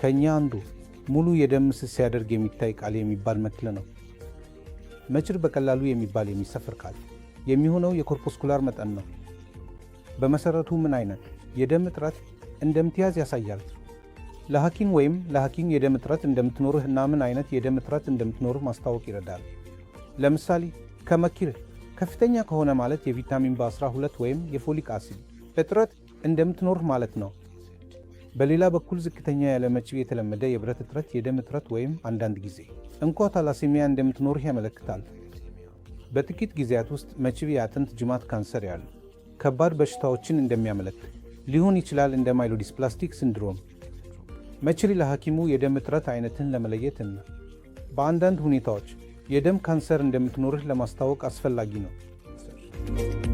ከእኛ አንዱ ሙሉ የደም ስስ ሲያደርግ የሚታይ ቃል የሚባል መክል ነው። መችር በቀላሉ የሚባል የሚሰፍር ቃል የሚሆነው የኮርፖስኩላር መጠን ነው። በመሰረቱ ምን አይነት የደም እጥረት እንደምትያዝ ያሳያል። ለሐኪም ወይም ለሐኪም የደም እጥረት እንደምትኖርህ እና ምን አይነት የደም እጥረት እንደምትኖርህ ማስታወቅ ይረዳል። ለምሳሌ ከመኪር ከፍተኛ ከሆነ ማለት የቪታሚን በ12 ወይም የፎሊክ አሲድ እጥረት እንደምትኖርህ ማለት ነው። በሌላ በኩል ዝቅተኛ ያለመችው የተለመደ የብረት እጥረት፣ የደም እጥረት ወይም አንዳንድ ጊዜ እንኳ ታላሴሚያ እንደምትኖርህ ያመለክታል። በጥቂት ጊዜያት ውስጥ መችብ የአጥንት ጅማት ካንሰር ያሉ ከባድ በሽታዎችን እንደሚያመለክት ሊሆን ይችላል፣ እንደ ማይሎዲስፕላስቲክ ሲንድሮም። መችሪ ለሐኪሙ የደም እጥረት አይነትን ለመለየት በአንዳንድ ሁኔታዎች የደም ካንሰር እንደምትኖርህ ለማስታወቅ አስፈላጊ ነው።